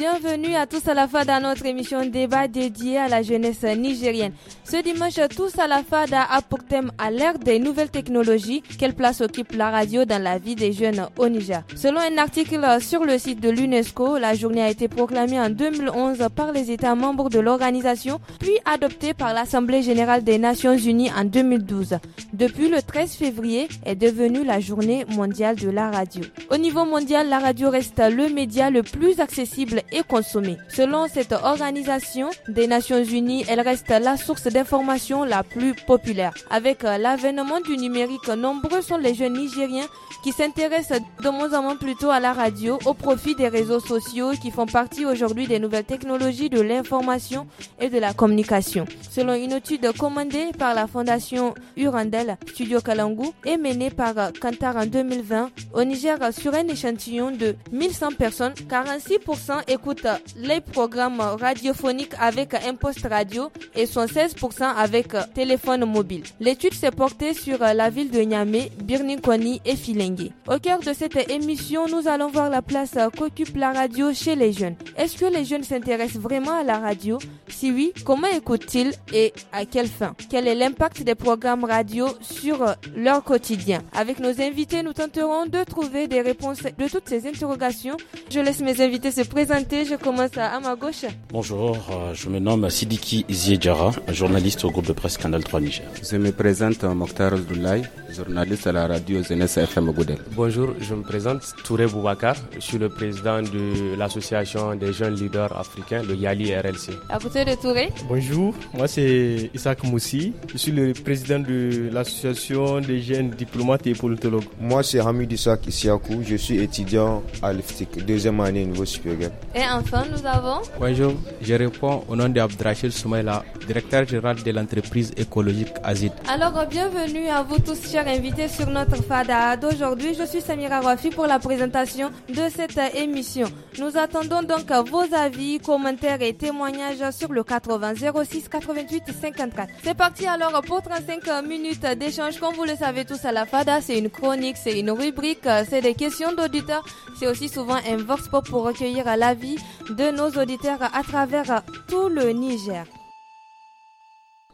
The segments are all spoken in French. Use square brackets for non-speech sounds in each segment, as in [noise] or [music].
bienvenue à tous à la FADA, notre émission débat dédiée à la jeunesse nigérienne. Ce dimanche, tous à la FADA a pour thème à l'ère des nouvelles technologies, quelle place occupe la radio dans la vie des jeunes au Niger. Selon un article sur le site de l'UNESCO, la journée a été proclamée en 2011 par les États membres de l'organisation, puis adoptée par l'Assemblée générale des Nations unies en 2012. Depuis le 13 février est devenue la journée mondiale de la radio. Au niveau mondial, la radio reste le média le plus accessible et consommée. Selon cette organisation des Nations Unies, elle reste la source d'information la plus populaire. Avec euh, l'avènement du numérique, nombreux sont les jeunes Nigériens qui s'intéressent de moins en moins plutôt à la radio au profit des réseaux sociaux qui font partie aujourd'hui des nouvelles technologies de l'information et de la communication. Selon une étude commandée par la Fondation Urandel Studio Kalangu et menée par euh, Kantar en 2020, au Niger, sur un échantillon de 1100 personnes, 46% Écoute, les programmes radiophoniques avec un poste radio et 16% avec téléphone mobile. L'étude s'est portée sur la ville de Niamey, Birnikoni et Filengue. Au cœur de cette émission, nous allons voir la place qu'occupe la radio chez les jeunes. Est-ce que les jeunes s'intéressent vraiment à la radio Si oui, comment écoutent-ils et à quelle fin Quel est l'impact des programmes radio sur leur quotidien Avec nos invités, nous tenterons de trouver des réponses de toutes ces interrogations. Je laisse mes invités se présenter je commence à, ma gauche. Bonjour, euh, je me nomme Sidiki Iziedjara, journaliste au groupe de presse Canal 3 Niger. Je me présente Mokhtar Doulay, journaliste à la radio ZNS FM Goudel. Bonjour, je me présente Touré Boubacar, je suis le président de l'association des jeunes leaders africains, le YALI RLC. À côté de Touré. Bonjour, moi c'est Isaac Moussi, je suis le président de l'association des jeunes diplomates et politologues. Moi c'est Hamid Isaac Issiakou, je suis étudiant à l'IFTIC, deuxième année niveau supérieur. Et enfin, nous avons. Bonjour, je réponds au nom d'Abdrachil Soumaïla, directeur général de l'entreprise écologique Azid. Alors, bienvenue à vous tous, chers invités sur notre FADA. D'aujourd'hui, je suis Samira Rafi pour la présentation de cette émission. Nous attendons donc vos avis, commentaires et témoignages sur le 80 06 88 54. C'est parti alors pour 35 minutes d'échange. Comme vous le savez tous à la FADA, c'est une chronique, c'est une rubrique, c'est des questions d'auditeurs. C'est aussi souvent un vox pop pour recueillir l'avis de nos auditeurs à travers tout le Niger.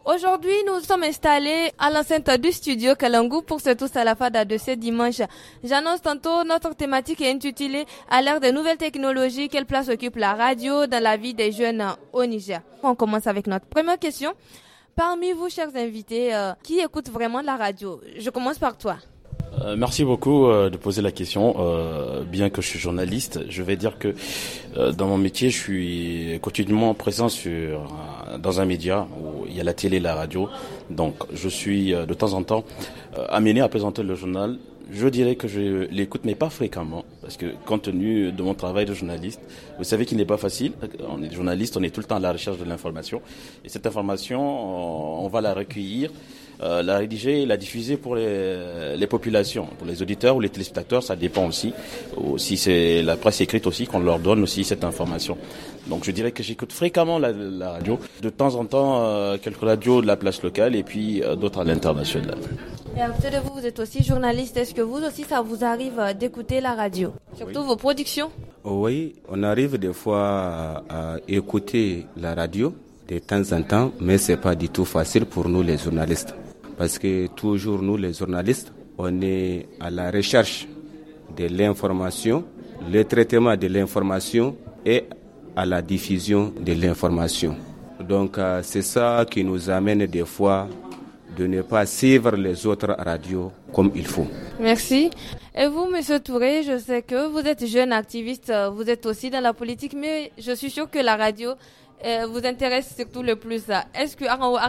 Aujourd'hui, nous sommes installés à l'enceinte du studio Kalangu pour ce tous à la fada de ce dimanche. J'annonce tantôt notre thématique intitulée à l'ère des nouvelles technologies, quelle place occupe la radio dans la vie des jeunes au Niger. On commence avec notre première question. Parmi vous, chers invités, euh, qui écoute vraiment la radio? Je commence par toi. Euh, merci beaucoup euh, de poser la question. Euh, bien que je suis journaliste, je vais dire que dans mon métier, je suis quotidiennement présent sur dans un média où il y a la télé, et la radio. Donc, je suis de temps en temps amené à présenter le journal. Je dirais que je l'écoute, mais pas fréquemment, parce que compte tenu de mon travail de journaliste, vous savez qu'il n'est pas facile. On est journaliste, on est tout le temps à la recherche de l'information, et cette information, on va la recueillir. Euh, la rédiger la diffuser pour les, populations, pour les auditeurs ou les téléspectateurs, ça dépend aussi. Si c'est la presse écrite aussi, qu'on leur donne aussi cette information. Donc je dirais que j'écoute fréquemment la, radio, de temps en temps euh, quelques radios de la place locale et puis euh, d'autres à l'international. Et à vous, vous êtes aussi journaliste. Est-ce que vous aussi, ça vous arrive d'écouter la radio Surtout vos productions Oui, on arrive des fois à, à écouter la radio de temps en temps, mais c'est pas du tout facile pour nous les journalistes parce que toujours nous, les journalistes, on est à la recherche de l'information, le traitement de l'information et à la diffusion de l'information. Donc euh, c'est ça qui nous amène des fois de ne pas suivre les autres radios comme il faut. Merci. Et vous, Monsieur Touré, je sais que vous êtes jeune activiste, euh, vous êtes aussi dans la politique, mais je suis sûr que la radio euh, vous intéresse surtout le plus. Est-ce que Arango à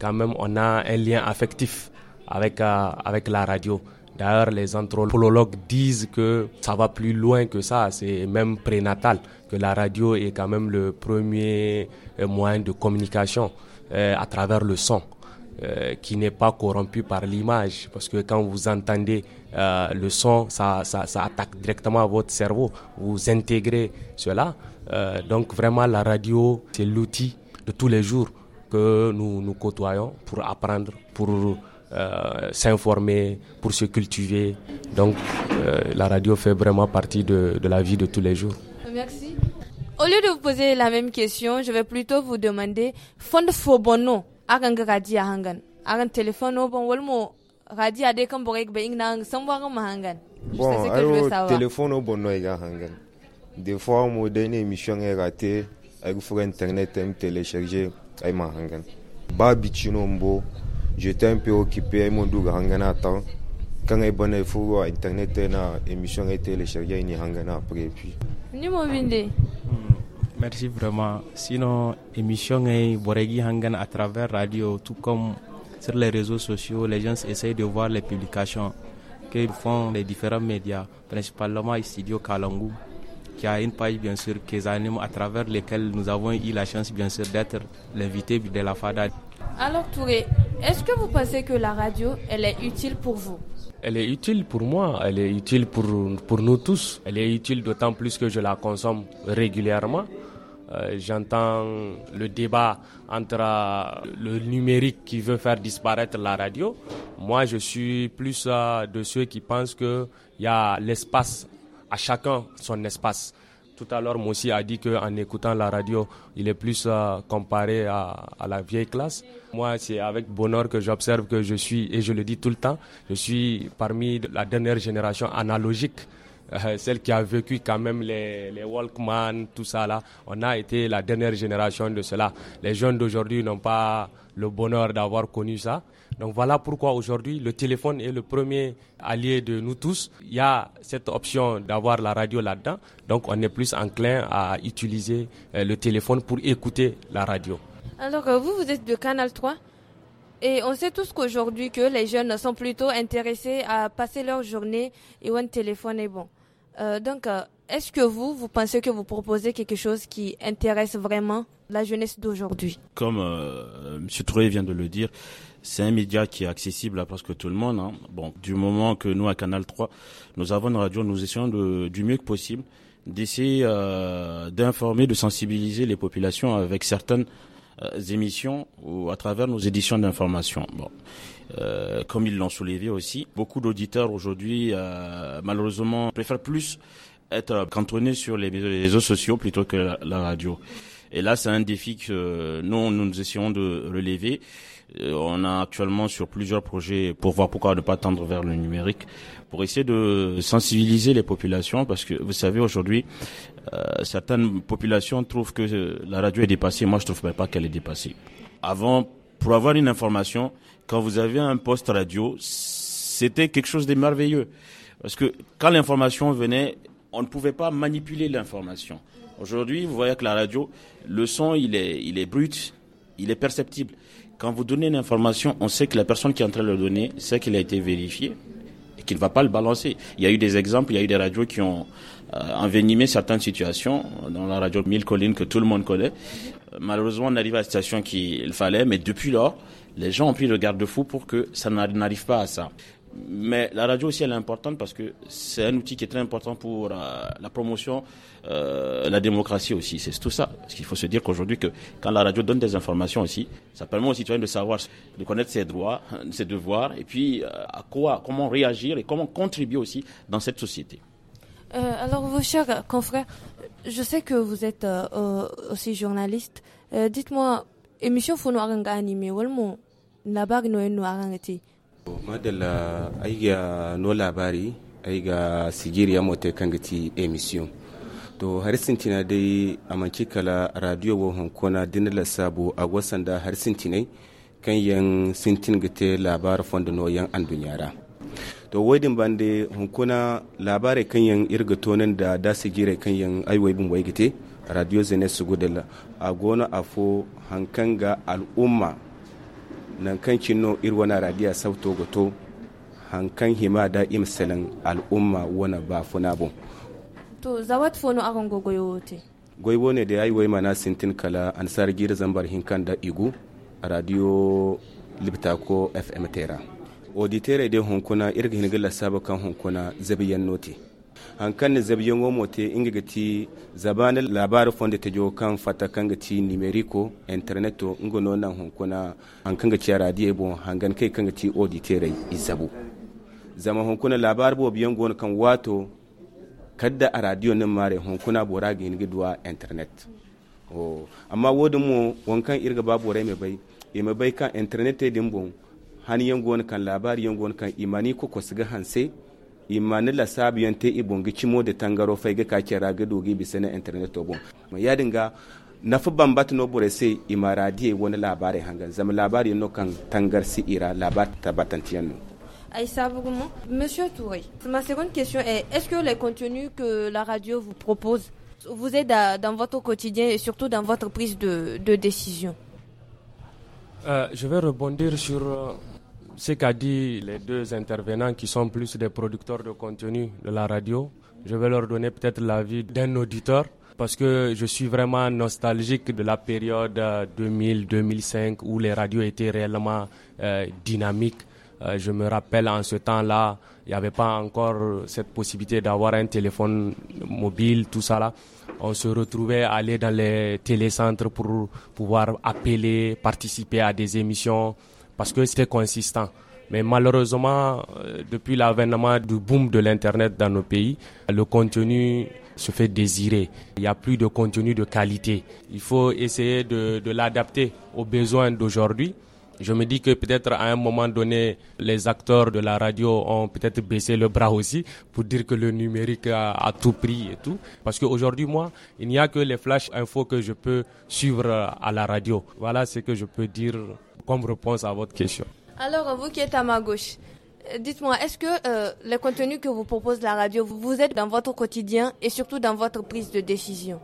quand même, on a un lien affectif avec, euh, avec la radio. D'ailleurs, les anthropologues disent que ça va plus loin que ça, c'est même prénatal, que la radio est quand même le premier euh, moyen de communication euh, à travers le son, qui n'est pas corrompu par l'image, parce que quand vous entendez le son, ça, ça, ça, attaque directement votre cerveau, vous intégrez cela. donc vraiment, la radio, c'est l'outil de tous les jours que nous nous côtoyons pour apprendre, pour euh, s'informer, pour se cultiver. Donc euh, la radio fait vraiment partie de, de, la vie de tous les jours. Merci. Au lieu de vous poser la même question, je vais plutôt vous demander fond fobono aganga radio hangan agan téléphone bon wolmo radio ade kan borek be ingna samwa mahangan bon ayo téléphone au bonno iga hangan des fois on me donne une émission ratée il faut internet télécharger ayma hangan babi j'étais un peu occupé ay mon hangana temps quand ay bonne fou internet na émission ay télécharger ni hangana après puis ni hmm, merci vraiment sinon émission est boregi hangana à travers radio tout comme sur les réseaux sociaux les gens essayent de voir les publications que font les différents médias principalement Studio Kalangu qui a une page bien sûr qu'ils à travers lesquelles nous avons eu la chance bien sûr d'être l'invité de la FADA. Alors Touré, est-ce que vous pensez que la radio, elle est utile pour vous elle est utile pour moi, elle est utile pour, pour nous tous. Elle est utile d'autant plus que je la consomme régulièrement. Euh, j'entends le débat entre euh, le numérique qui veut faire disparaître la radio. Moi, je suis plus euh, de ceux qui pensent qu'il y a l'espace à chacun son espace. Tout à l'heure, Moussi a dit qu'en écoutant la radio, il est plus euh, comparé à, la vieille classe. Moi, c'est avec bonheur que j'observe que je suis, et je le dis tout le temps, je suis parmi la dernière génération analogique. Euh, celle qui a vécu quand même les, les, Walkman, tout ça là. On a été la dernière génération de cela. Les jeunes d'aujourd'hui n'ont pas le bonheur d'avoir connu ça. Donc voilà pourquoi aujourd'hui le téléphone est le premier allié de nous tous. Il y a cette option d'avoir la radio là-dedans, donc on est plus enclin à utiliser euh, le téléphone pour écouter la radio. Alors euh, vous, vous êtes de Canal 3 et on sait tous qu'aujourd'hui que les jeunes sont plutôt intéressés à passer leur journée et où un téléphone est bon. Euh, donc, est-ce que vous, vous pensez que vous proposez quelque chose qui intéresse vraiment la jeunesse d'aujourd'hui Comme M. Troué vient de le dire, c'est un média qui est accessible à presque tout le monde. Hein. Bon, du moment que nous, à Canal 3, nous avons une radio, nous essayons de, du mieux que possible d'essayer euh, d'informer, de sensibiliser les populations avec certaines euh, émissions ou à travers nos éditions d'information. Euh, comme ils l'ont soulevé aussi, beaucoup d'auditeurs aujourd'hui, malheureusement, préfèrent plus être cantonnés sur les réseaux sociaux plutôt que la, la radio. Et là, c'est un défi que nous, nous essayons de relever. Euh, on a actuellement sur plusieurs projets pour voir pourquoi ne pas tendre vers le numérique, pour essayer de sensibiliser les populations, parce que vous savez aujourd'hui, euh, certaines populations trouvent que euh, la radio est dépassée. Moi, je trouve pas qu'elle est dépassée. Avant, pour avoir une information, quand vous avez un poste radio, c'était quelque chose de merveilleux, parce que quand l'information venait, on ne pouvait pas manipuler l'information. Aujourd'hui, vous voyez que la radio, le son, il est, il est brut, il est perceptible. Quand vous donnez une information, on sait que la personne qui est en train de le donner sait qu'il a été vérifié et qu'il ne va pas le balancer. Il y a eu des exemples, il y a eu des radios qui ont euh, envenimé certaines situations, dans la radio Mille Collines que tout le monde connaît. Euh, malheureusement, on arrive à la situation qu'il fallait, mais depuis lors, les gens ont pris le garde-fou pour que ça n'arrive pas à ça mais la radio aussi elle est importante parce que c'est un outil qui est très important pour euh, la promotion, euh, la démocratie aussi. C'est tout ça. Parce qu'il faut se dire qu'aujourd'hui que quand la radio donne des informations aussi, ça permet aux citoyens de savoir, de connaître ses droits, euh, ses devoirs, et puis à quoi, comment réagir et comment contribuer aussi dans cette société. alors vos chers confrères, je sais que vous êtes aussi journaliste. dites-moi, émission Fono Aranga animée, Walmo, Nabag Noé Noarangati. madala ai ga no labari ai ga sigiri ya mota kan gati emission to har sintina dai a manci kala radio wo hankona dinala sabo a wasan da har sintinai kan yan sintin gate labar fondo no yan an dunyara to wadin bande hankona labare kan yan irgatonin da da sigire kan yan aiwai bin wai radio zene su a gona afo hankanga al'umma nan kan kino irwana radiya sauto goto hankan hima da imsalin al'umma wana ba funa bu. to zawat fono akan gogoyo te goibo ne da yayi waima mana sintin kala ansar gira zambar hinkan da igu radio libtako fm tera oditere de hunkuna irga hingila sabakan hunkuna zabiyan noti hankan ne zabiyan womo te inga gati zabanin labarin fonda ta jo kan fata kan gati numerico interneto inga no nan hankuna hankan gaci radiyo bon hangan kai kan gati auditere izabu zama hankuna labarin bo biyan gona kan wato kadda a radiyo nin mare hankuna bora ga yin giduwa internet amma wodin mu wankan irga babu rai mai bai e mai bai kan internet ta bon hani yan gona kan labari yan gona kan imani ko kwasu ga hanse imani la sabiyan te ibon chimo de tangaro faige ga kacera ga dogi internet to bon ya dinga na fi bambata no bore sai imaradiye wani labari hangan zama labari no kan tangar si ira labar tabatantiyan no Aïssa Bougoumou. Monsieur Touré, ma seconde question est est-ce que les contenus que la radio vous propose vous aident dans votre quotidien et surtout dans votre prise de, de décision euh, Je vais rebondir sur euh, ce qu'a dit les deux intervenants qui sont plus des producteurs de contenu de la radio, je vais leur donner peut-être l'avis d'un auditeur parce que je suis vraiment nostalgique de la période 2000-2005 euh, où les radios étaient réellement euh, dynamiques. Euh, je me rappelle en ce temps-là, il n'y avait pas encore cette possibilité d'avoir un téléphone mobile, tout ça là. On se retrouvait à aller dans les télécentres pour pouvoir appeler, participer à des émissions parce que c'était consistant. Mais malheureusement, euh, depuis l'avènement du boom de l'Internet dans nos pays, le contenu se fait désirer. Il n'y a plus de contenu de qualité. Il faut essayer de, l'adapter aux besoins d'aujourd'hui. Je me dis que peut-être à un moment donné, les acteurs de la radio ont peut-être baissé le bras aussi pour dire que le numérique a, tout pris et tout. Parce qu'aujourd'hui, moi, il n'y a que les flash infos que je peux suivre euh, à la radio. Voilà ce que je peux dire comme réponse à votre question. Alors, vous qui êtes à ma gauche, euh, dites-moi, est-ce que euh, le contenu que vous propose la radio, vous êtes dans votre quotidien et surtout dans votre prise de décision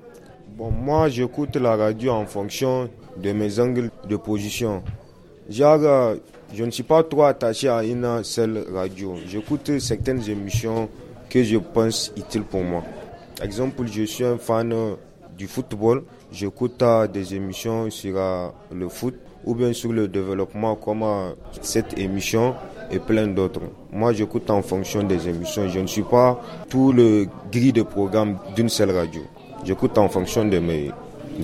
Bon, moi, j'écoute la radio en fonction de mes angles de position. J'ai, euh, je ne suis pas trop attaché à une seule radio. J'écoute certaines émissions que je pense utiles pour moi. Exemple, je suis un fan du football. J'écoute des émissions sur le foot ou bien sur le développement comment cette émission et plein d'autres. Moi, j'écoute en fonction des émissions. Je ne suis pas tout le gris de programme d'une seule radio. J'écoute en fonction de mes,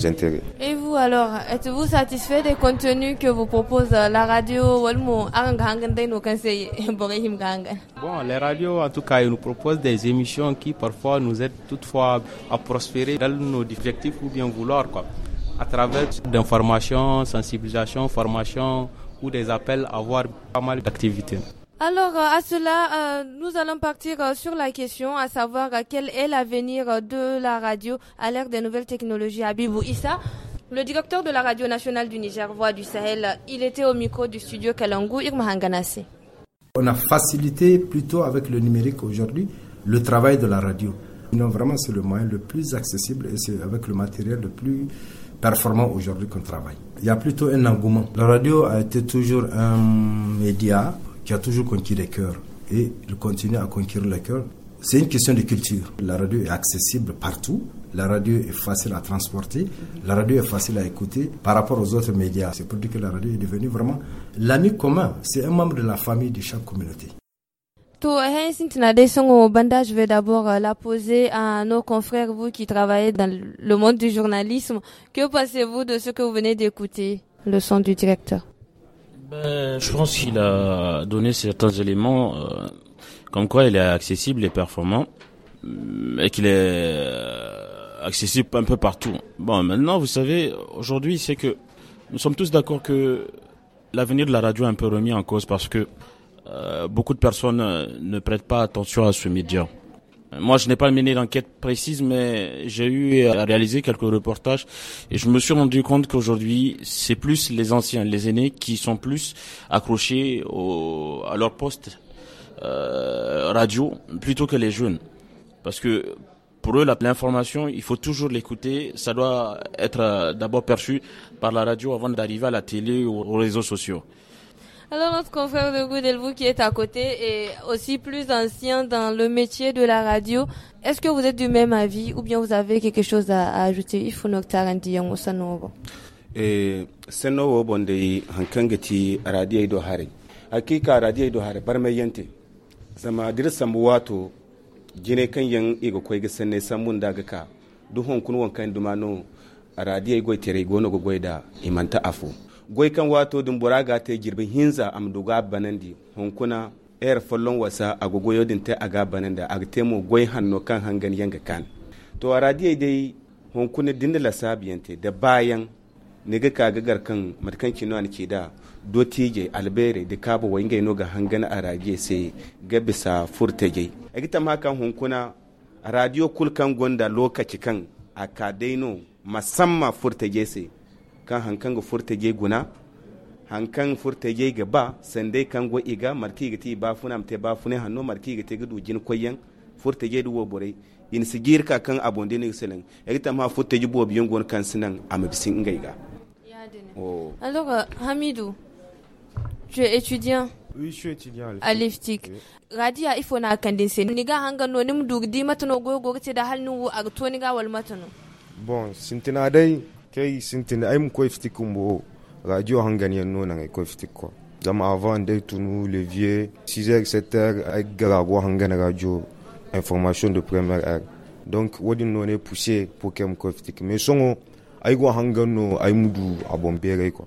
intérêts. Et vous alors, êtes-vous satisfait des contenus que vous propose la radio [laughs] Bon, les radios, en tout cas, ils nous proposent des émissions qui parfois nous aident toutefois à prospérer dans nos objectifs ou bien vouloir. Quoi à travers d'informations, sensibilisation, formation ou des appels avoir pas mal d'activités. Alors, euh, à cela, euh, nous allons partir euh, sur la question, à savoir quel est l'avenir de la radio à l'ère des nouvelles technologies. Abibou Issa, le directeur de la radio nationale du Niger, Voix du Sahel, il était au micro du studio Kalangu, Irma Hanganase. On a facilité plutôt avec le numérique aujourd'hui le travail de la radio. Non, vraiment, c'est le moyen le plus accessible et c'est avec le matériel le plus performant aujourd'hui qu'on travaille. Il y a plutôt un engouement. La radio a été toujours un média qui a toujours conquis les cœurs et il continue à conquérir les cœurs. C'est une question de culture. La radio est accessible partout. La radio est facile à transporter. La radio est facile à écouter par rapport aux autres médias. C'est pour dire que la radio est devenue vraiment l'ami commun. C'est un membre de la famille de chaque communauté. Hein, je vais d'abord euh, la poser à nos confrères, vous qui travaillez dans le monde du journalisme. Que pensez-vous de ce que vous venez d'écouter, le son du directeur ben, Je pense qu'il a donné certains éléments euh, comme quoi il est accessible et performant et qu'il est euh, accessible un peu partout. Bon, maintenant, vous savez, aujourd'hui, c'est que nous sommes tous d'accord que l'avenir de la radio est un peu remis en cause parce que euh, beaucoup de personnes euh, ne prêtent pas attention à ce média. Moi, je n'ai pas mené d'enquête précise, mais j'ai eu à réaliser quelques reportages et je me suis rendu compte qu'aujourd'hui, c'est plus les anciens, les aînés qui sont plus accrochés à leur poste euh, radio plutôt que les jeunes. Parce que pour eux, l'information, il faut toujours l'écouter. Ça doit être d'abord perçu par la radio avant d'arriver à la télé ou aux réseaux sociaux. Alors notre confrère de Goudelvou qui est à côté est aussi plus ancien dans le métier de la radio. Est-ce que vous êtes du même avis ou bien vous avez quelque chose à, à ajouter Il faut nous tarandion sanobo. Eh sanobo bonde hankangati radio do hare. Hakika radio do Parmi yente, Zama dire wato jine kan yan igo koy gisane samun daga ka duhon kun wankan dumano radio go tere go no go goida imanta afu. goi kan wato dum buraga ta girbin hinza am duga banandi hunkuna air er fallon wasa agogo yodin ta aga bananda agte temo goi hanno kan hangan yanga kan to radiye dai hunkuna dinda la sabiyante da bayan niga ka gagar kan matkan kino an ke da tije albere da kaba wayinga ino ga hangana radiye sai ga bisa furtage agita ma kan hunkuna radio kulkan gonda lokaci kan kadaino musamman furtage sai kan hankan ga furta ge guna hankan furta ge ga ba sande kan go iga marki ga ti ba funa mte ba fune hanno marki ga te gudu jin koyen furta ge duwo bore in sigir ka kan abonde ne selen egta ma furta ji bo biyon gon kan sinan amabisin ngai ga oh. alors euh, Hamidou tu es étudiant Oui, je suis étudiant à l'IFTIC. Radia ifo na kandense niga hanga no nim dugdi matano gogo ce da halnu a to niga wal matano. Bon, sintina dai kai sintin ai mu koy fitikin bo radio hangani yanno nan ai koy fitik ko zama avant dai le levier 6 h 7 h ai garago hangana radio information de première heure donc wodi no ne pousser pour kem koy mais songo ay go hangano ay mudu abon bere ko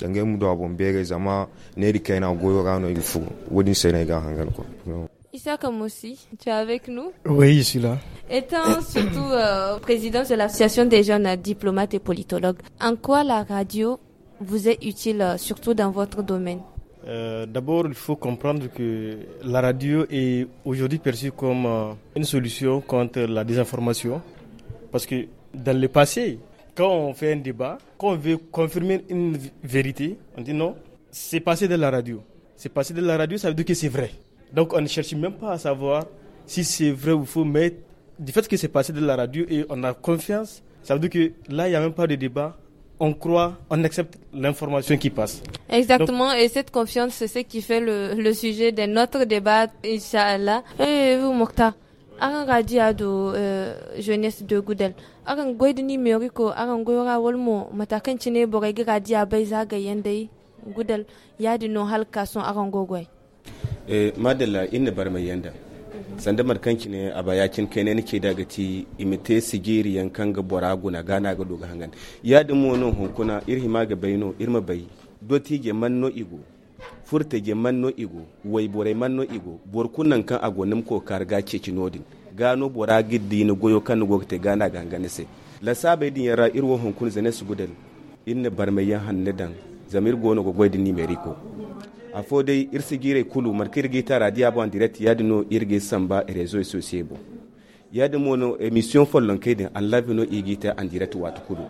dange mudu abon bere zama ne di go goyo gano il fu wodi sene ga hangan ko Issa aussi, tu es avec nous Oui, je suis là. Étant [coughs] surtout euh, président de l'association des jeunes diplomates et politologues, en quoi la radio vous est utile, euh, surtout dans votre domaine euh, D'abord, il faut comprendre que la radio est aujourd'hui perçue comme une solution contre la désinformation. Parce que dans le passé, quand on fait un débat, quand on veut confirmer une vérité, on dit non, c'est passé de la radio. C'est passé de la radio, ça veut dire que c'est vrai. Donc on ne cherche même pas à savoir si c'est vrai ou faux, mais du fait que c'est passé de la radio et on a confiance, ça veut dire que là, il n'y a même pas de débat. On croit, on accepte l'information qui passe. Exactement, et cette confiance, c'est ce qui fait le, sujet de notre débat, Inch'Allah. Et eh, vous, Mokhtar aran radio ado euh, jeunesse de gudel aran goidini meriko aran goyora walmo matakan cine bogai radi abai zagayen dai gudel yadi no halka son aran eh madalla inda bar mai yanda sanda markanki ne a bayakin kai ne nake ti imite sigiri yankan ga na gana ga doga hangan ya dimu wani hunkuna irhima ga baino irma bai doti ge manno igo furta ge manno igo wai borai manno igo borkunan kan agonim ko karga ke kinodin gano bora giddi ni goyo kan go te gana ga hangan se la sabai din yara irwo hunkun zane su gudal inna barmayan hannadan zamir gono go goidin ni meriko a fo dai irsigire kulu markir gita radia bo en direct yadino irge samba e réseau associé e bo yadimo mono émission follon kedin an no igita an direct watu kulu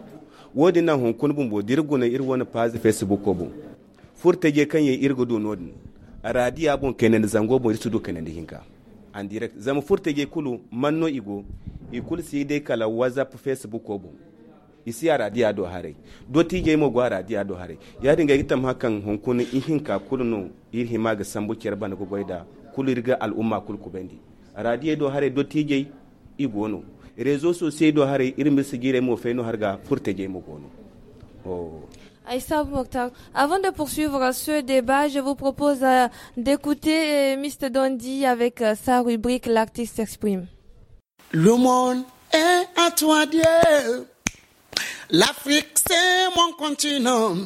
wodi na hon kun bumbo dirgo na irwon page facebook ko bo furte je kanye irgo do nodin radia bon kenen zango bo studio kenen hinka an direct zama furte je kulu manno igo ikul si de kala whatsapp facebook ko bo isi yara diya do hare do tije mo gwara diya do hare ya dinga gitam hakan hunkuni ihin ka kulno irhi ma ga sambu kyar ko goida kulirga al'umma kul ku bendi radiye do hare do rezo so do hare irin sigire mo feno harga furteje mo gono oh. Aïssa Mokhtar, avant de poursuivre ce débat, je vous propose euh, d'écouter euh, Mr. Dondi avec euh, sa rubrique L'artiste s'exprime. Le monde est à toi, Dieu. L'Afrique, c'est mon continent.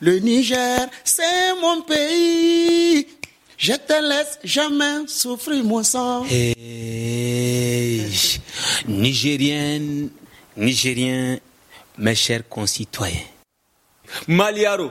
Le Niger, c'est mon pays. Je te laisse jamais souffrir mon sang. Hey, Nigérienne, Nigérien, mes chers concitoyens. Maliaro.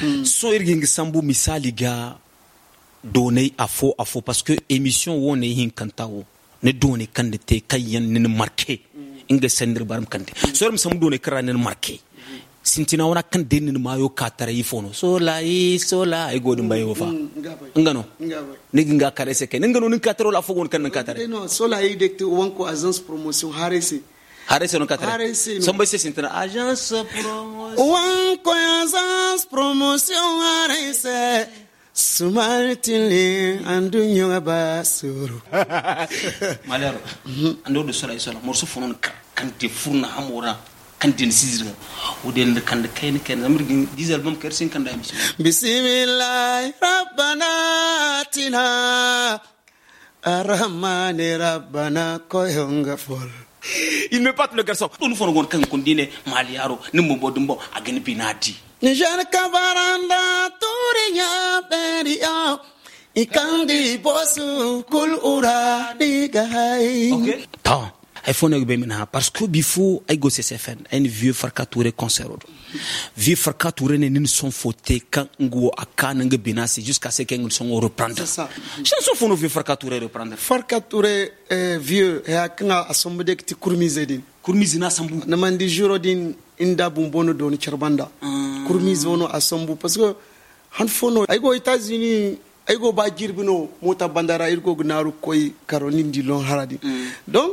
Hmm. so so irgin sambu misali ga donai afo afo parce que émission wo ne hin kanta wo ne doni kande te kayen ne marqué hmm. inga sendir baram kande hmm. so ram sambu donai kara ne marqué sintina wana kan ma yo katara yi fono so la yi so la ay godin bayo fa ngano ni nga kare se ken ngano nin kataro la fogon kan katare no so la yi dekte wanko agence promotion harese Harrison Katara. Harrison. Somebody says internet. Agence promotion. Wanko agence promotion Harrison. sumaltili andu nyonga basuru. [laughs] malero Andu do sura isola morso funon kan te funa amora. kan te sizirga o del kan de kayn kan amir gi dis album ker sin kan bismillah rabbana atina arhamani rabbana koyonga fol [laughs] il me patte le garçon ɗum fono gon kan kondine maliyaro nimmo bo dumbo a gani bi naadi nijar kabaranda turiya ɓeriya i kandi bosu kul ura Ok. okay. Parce fonego ɓe parce que bi ay go vieux farka concert oɗo vieux farka touré ne nin son foté kango a kananga jusqu'à ce qu'en songo reprendre chanson fono vieux farka reprendre farka vieux et a de ti na inda bumbono ah. parce que han fono go états unis ay go ba Je mota bandara irgo gnaru koy karolin haradi mm. donc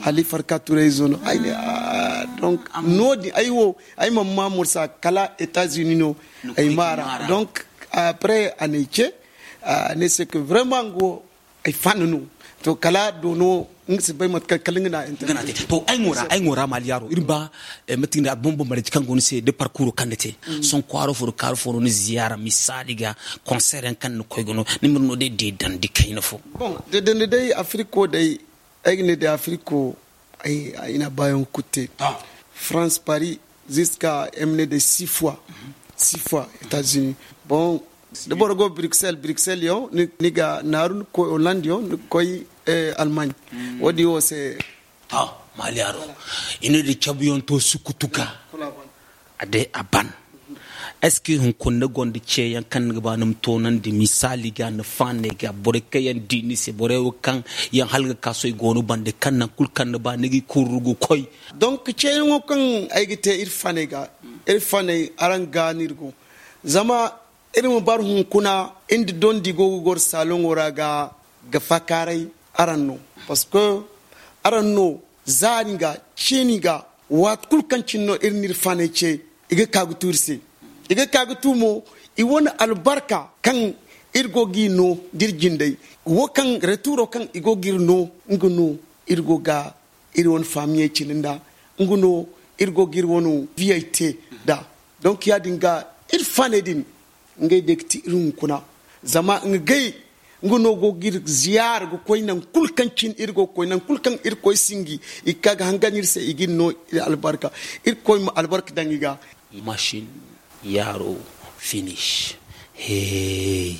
hali farka ture izono ayi donc no di ayi wo ayi ma ma mursa kala états-unis no ayi mara donc après ane che ne c'est que vraiment go ay fanu no to kala dono ngi bai mat kalin na internet to ay ngora ay ngora mal yaro irin ba bombo mare kan goni de parcours kandete te son kwaro furu car furu ni ziyara misali ga concert kan ko gono nimir no de de dan di fo bon de de dai afriko de aigne de Afrique a ina bayon kute ah. france paris jusqu'à emmener de six fois mhm. six fois mhm. états-unis bon d'abord go bruxelles bruxelles yo ni narun ko hollande yo koy eh, allemagne mm. wodi wo c'est. ah Maliaro. Ine de chabion to sukutuka ade aban que hunkun na gondi ce yan kan ga tonan di misali ga na fane ga bore ka dini se bore kan yan halga kaso gonu bande kan na kul kan ba koy donc ce yan kan ay te ir fane ga nirgo zama irin bar kuna indi don di go gor salon wora ga ga aran no parce que aran no wat kul kan iga kaga tumo i wani albarka kan irgo gi no dirjin dai wo kan returo kan igo gir no nguno irgo ga irwon famiye cilinda nguno irgo gir wonu vit da donc ya dinga ir fanedin ngai dekti irun kuna zama ngai nguno go gir ziyar go koy kulkan cin irgo koy kulkan ir koy singi ikaga hanganyirse se igin no albarka ir koy albarka dangiga machine Yaro finish. Hey.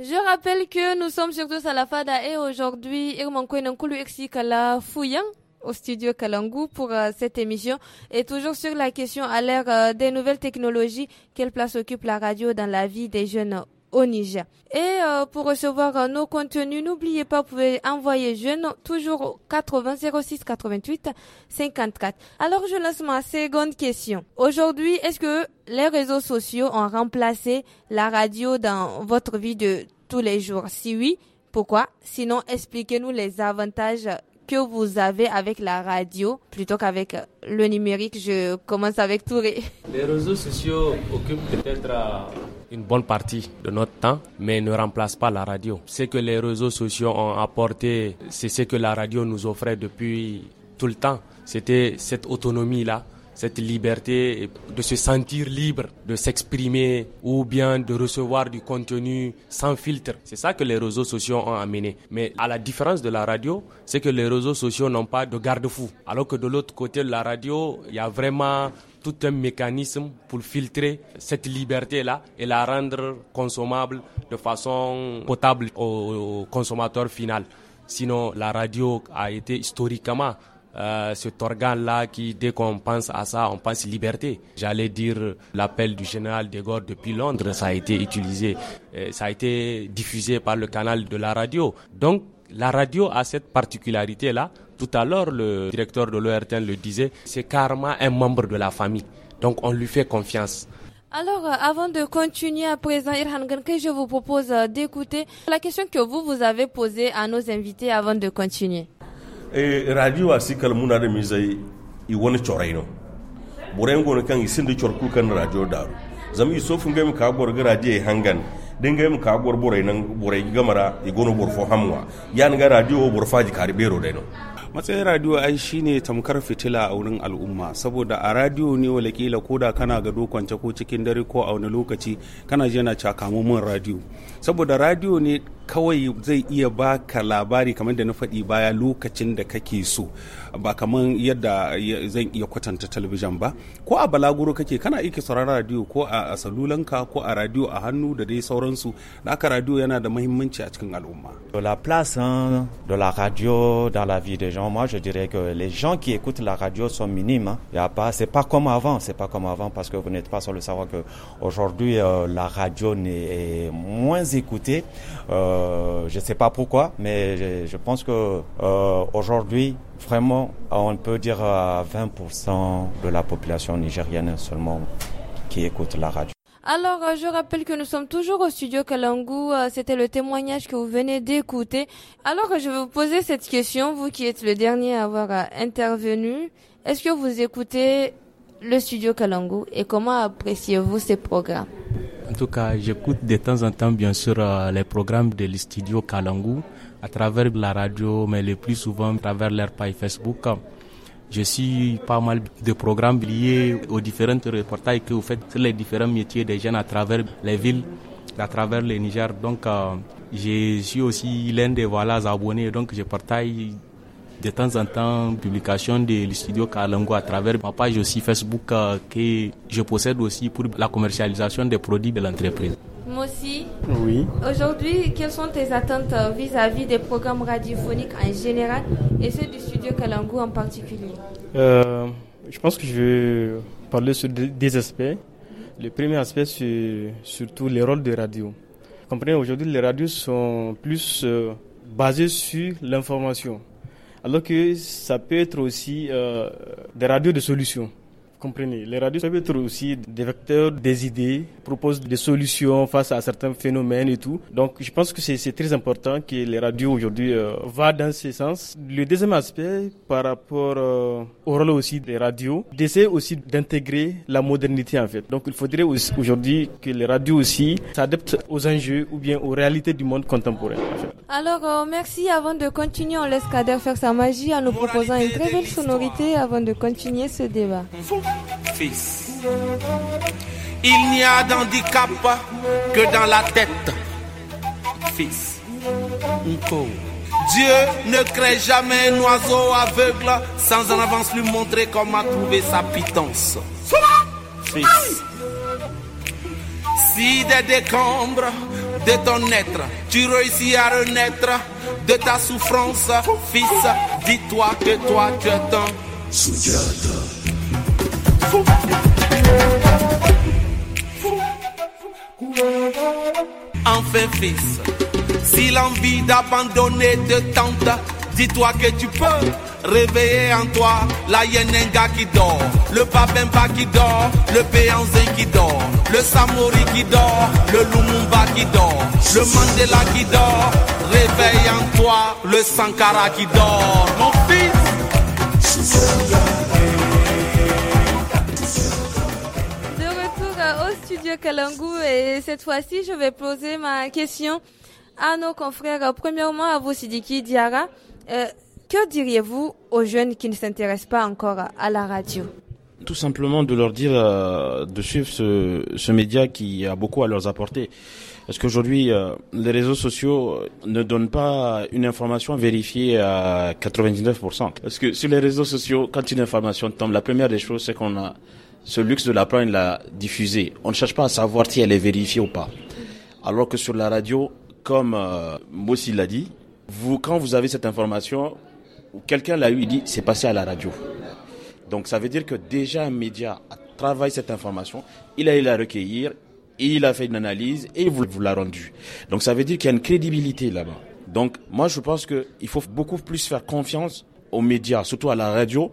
Je rappelle que nous sommes sur à la fada et aujourd'hui, Irman à Exikala Fouyan au studio Kalangu pour euh, cette émission et toujours sur la question à l'ère euh, des nouvelles technologies, quelle place occupe la radio dans la vie des jeunes au Niger. Et euh, pour recevoir euh, nos contenus, n'oubliez pas, vous pouvez envoyer jeune, toujours 80 06 88 54. Alors je lance ma seconde question. Aujourd'hui, est-ce que les réseaux sociaux ont remplacé la radio dans votre vie de tous les jours Si oui, pourquoi Sinon, expliquez-nous les avantages que vous avez avec la radio plutôt qu'avec euh, le numérique. Je commence avec Touré. Les réseaux sociaux occupent peut-être à une bonne partie de notre temps, mais ne remplace pas la radio. Ce que les réseaux sociaux ont apporté, c'est ce que la radio nous offrait depuis tout le temps. C'était cette autonomie-là cette liberté de se sentir libre, de s'exprimer ou bien de recevoir du contenu sans filtre. C'est ça que les réseaux sociaux ont amené. Mais à la différence de la radio, c'est que les réseaux sociaux n'ont pas de garde-fou. Alors que de l'autre côté de la radio, il y a vraiment tout un mécanisme pour filtrer cette liberté-là et la rendre consommable de façon potable au consommateur final. Sinon, la radio a été historiquement euh, cet organe-là qui, dès qu'on pense à ça, on pense liberté. J'allais dire l'appel du général Degord depuis Londres, ça a été utilisé, euh, ça a été diffusé par le canal de la radio. Donc, la radio a cette particularité-là. Tout à l'heure, le directeur de l'ORTN le disait, c'est carrément un membre de la famille. Donc, on lui fait confiance. Alors, euh, avant de continuer à présent, Irhan Genke, je vous propose d'écouter la question que vous, vous avez posée à nos invités avant de continuer. Eh, radio a sikal muna da mi zai i wani choraino buren gona kan isin da chorku kan radio daru zama iso fun gami mi ka gor ga radio hangan din gami ka gor burai nan burai gamara i gono burfo hamwa yani ga radio burfaji karibero dai no matsayin radio ai shine tamkar fitila a wurin al'umma saboda a radio ne walakila koda kana ga kwance ko cikin dare ko a wani lokaci kana ji yana cakamu min radio saboda radio ne kawai zai iya baka labari kamar da na faɗi baya lokacin da kake so ba kamar yadda zan iya kwatanta talabijin ba ko a balaguro kake kana iya sauraron radio ko a salulanka ko a radio a hannu da dai sauransu da aka radio yana da muhimmanci a cikin al'umma de la place hein, de la radio dans la vie des gens moi je dirais que les gens qui écoutent la radio sont minimes hein. y a pas c'est pas comme avant c'est pas comme avant parce que vous n'êtes pas sur le savoir que aujourd'hui euh, la radio est, est moins écoutée euh, euh, je ne sais pas pourquoi, mais je, pense que euh, aujourd'hui, vraiment, on peut dire à 20% de la population nigérienne seulement qui écoute la radio. Alors, euh, je rappelle que nous sommes toujours au studio Kalangu. C'était le témoignage que vous venez d'écouter. Alors, je vais vous poser cette question, vous qui êtes le dernier à avoir intervenu. Est-ce que vous écoutez le studio Kalangu et comment appréciez-vous ces programmes en tout cas, j'écoute de temps en temps, bien sûr, euh, les programmes de l'estudio Kalangu à travers la radio, mais le plus souvent à travers leur page Facebook. Je suis pas mal de programmes liés aux différents reportages que vous faites sur les différents métiers des jeunes à travers les villes, à travers le Niger. Donc, euh, je suis aussi l'un des voilà, abonnés, donc je partage de temps en temps publication des studios Kalango à travers ma page aussi Facebook euh, que je possède aussi pour la commercialisation des produits de l'entreprise. Moi aussi. Oui. Aujourd'hui, quelles sont tes attentes euh, vis-à-vis des programmes radiophoniques en général et ceux du studio Kalango en particulier euh, Je pense que je vais parler sur des aspects. Mhm. Le premier aspect, c'est surtout les rôles de radio. Comprenez, aujourd'hui, les radios sont plus basées sur l'information alors que ça peut être aussi euh, des radios de solutions comprenez, les radios peuvent être aussi des vecteurs des idées, proposent des solutions face à certains phénomènes et tout. Donc, je pense que c'est très important que les radios aujourd'hui euh, va dans ce sens. Le deuxième aspect, par rapport euh, au rôle aussi des radios, d'essayer aussi d'intégrer la modernité en fait. Donc, il faudrait aujourd'hui que les radios aussi s'adaptent aux enjeux ou bien aux réalités du monde contemporain. Alors, euh, merci. Avant de continuer, on laisse Kader faire sa magie en nous proposant une très belle sonorité avant de continuer ce débat fils. Il n'y a d'handicap que dans la tête, fils. Dieu ne crée jamais un oiseau aveugle sans en avance lui montrer comment trouver sa pitance. Fils. Si des décombres de ton être, tu réussis à renaître de ta souffrance, fils, dis-toi que toi tu es un Enfin fils, si l'envie d'abandonner te tente, dis-toi que tu peux réveiller en toi la Yenenga qui dort, le Babemba qui dort, le Péanzé qui dort, le Samori qui dort, le Lumumba qui dort, le Mandela qui dort, réveille en toi le Sankara qui dort. studio Kalangu et cette fois-ci, je vais poser ma question à nos confrères. Premièrement, à vous, Sidiki Diara. Euh, que diriez-vous aux jeunes qui ne s'intéressent pas encore à la radio tout simplement de leur dire euh, de suivre ce, média qui a beaucoup à leur apporter. Parce qu'aujourd'hui, euh, les réseaux sociaux ne donnent pas une information vérifiée à 99%. Parce que sur les réseaux sociaux, quand une information tombe, la première des choses, c'est qu'on a ce luxe de la prendre, il l'a diffusé. On ne cherche pas à savoir si elle est vérifiée ou pas. Alors que sur la radio, comme euh, l'a dit, vous, quand vous avez cette information, quelqu'un l'a eu, il dit, c'est passé à la radio. Donc ça veut dire que déjà un média a travaillé cette information, il a eu la recueillir, il a fait une analyse et il vous l'a rendue. Donc ça veut dire qu'il y a une crédibilité là-bas. Donc moi je pense qu'il faut beaucoup plus faire confiance aux médias, surtout à la radio,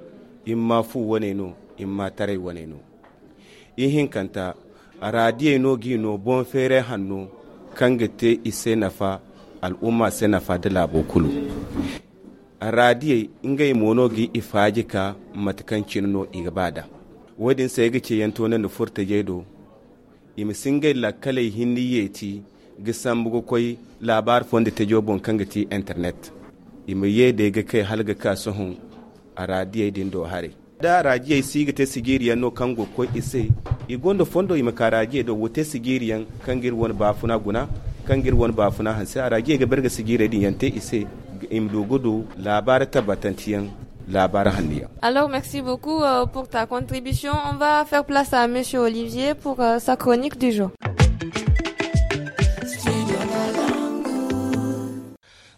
in ma fu wane no in ma tare wane no in hinkanta a radiye no gino bon fere hannu kan gate ise nafa al'umma se nafa da labo kulu a radiye in gai mono gi ifaji ka matakan cinno igabada wadin sai ga yanto na nufurta yedo imisin ga lakalai hindi yeti gisan bugu koi labar fonda ta jobon kan gati internet ima ye da ga kai halga ka suhun aradi radiyai do hare da radiyai sigite sigiriyan no kango ko ise igondo fondo ima ka do wote sigiriyan kangir won bafuna guna kangir won bafuna hanse a ga berga sigire din yante ise im dogodo labar tabbatantiyan Alors, merci beaucoup euh, pour ta contribution. On va faire place à Monsieur Olivier pour euh, sa chronique du jour.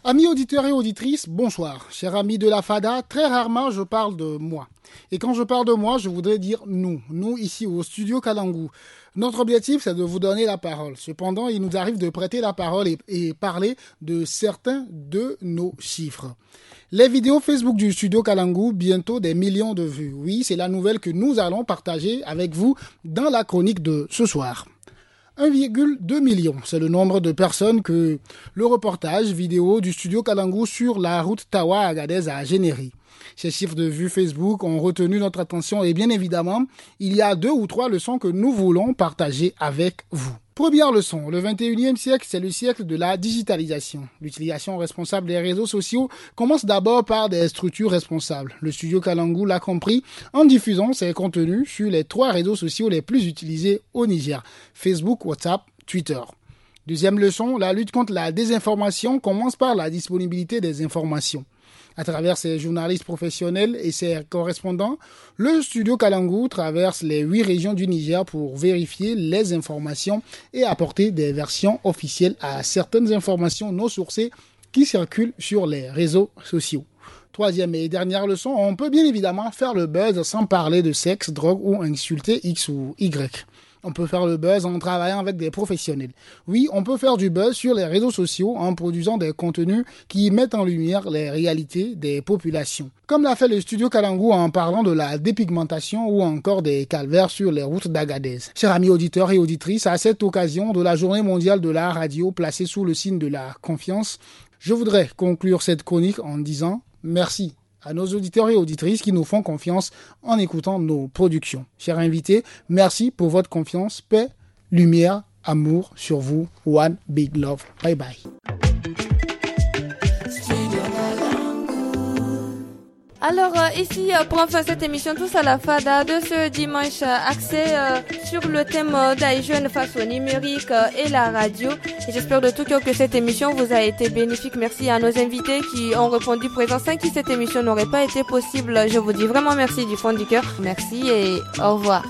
Amis auditeurs et auditrices, bonsoir. Chers amis de la FADA, très rarement je parle de moi. Et quand je parle de moi, je voudrais dire nous, nous ici au studio Kalangu. Notre objectif, c'est de vous donner la parole. Cependant, il nous arrive de prêter la parole et, parler de certains de nos chiffres. Les vidéos Facebook du studio Kalangu, bientôt des millions de vues. Oui, c'est la nouvelle que nous allons partager avec vous dans la chronique de ce soir. 1,2 million. C'est le nombre de personnes que le reportage vidéo du studio Kalangu sur la route Tawa Agadez a généré. Ces chiffres de vue Facebook ont retenu notre attention et bien évidemment, il y a deux ou trois leçons que nous voulons partager avec vous. Première leçon, le 21e siècle, c'est le siècle de la digitalisation. L'utilisation responsable des réseaux sociaux commence d'abord par des structures responsables. Le studio Kalangu l'a compris en diffusant ses contenus sur les trois réseaux sociaux les plus utilisés au Niger, Facebook, WhatsApp, Twitter. Deuxième leçon, la lutte contre la désinformation commence par la disponibilité des informations à travers ses journalistes professionnels et ses correspondants, le studio Kalangu traverse les huit régions du Niger pour vérifier les informations et apporter des versions officielles à certaines informations non sourcées qui circulent sur les réseaux sociaux. Troisième et dernière leçon, on peut bien évidemment faire le buzz sans parler de sexe, drogue ou insulter X ou Y on peut faire le buzz en travaillant avec des professionnels. Oui, on peut faire du buzz sur les réseaux sociaux en produisant des contenus qui mettent en lumière les réalités des populations. Comme l'a fait le studio Kalangu en parlant de la dépigmentation ou encore des calvaires sur les routes d'Agadez. Chers amis auditeurs et auditrices, à cette occasion de la journée mondiale de la radio placée sous le signe de la confiance, je voudrais conclure cette chronique en disant merci à nos auditeurs et auditrices qui nous font confiance en écoutant nos productions. Chers invités, merci pour votre confiance. Paix, lumière, amour sur vous. One big love. Bye bye. Alors euh, ici euh, pour enfin cette émission tous à la fada de ce dimanche euh, axée sur le thème des jeunes face au numérique et la radio. j'espère de tout cœur que cette émission vous a été bénéfique. Merci à nos invités qui ont répondu présent sans qui cette émission n'aurait pas été possible. Je vous dis vraiment merci du fond du cœur. Merci et au revoir.